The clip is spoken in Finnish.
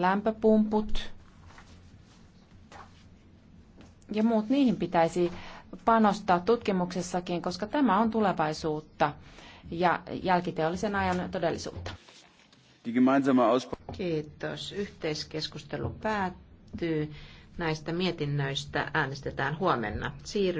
lämpöpumput ja muut, niihin pitäisi panostaa tutkimuksessakin, koska tämä on tulevaisuutta ja jälkiteollisen ajan todellisuutta. Kiitos. Yhteiskeskustelu päättyy. Näistä mietinnöistä äänestetään huomenna. Siirry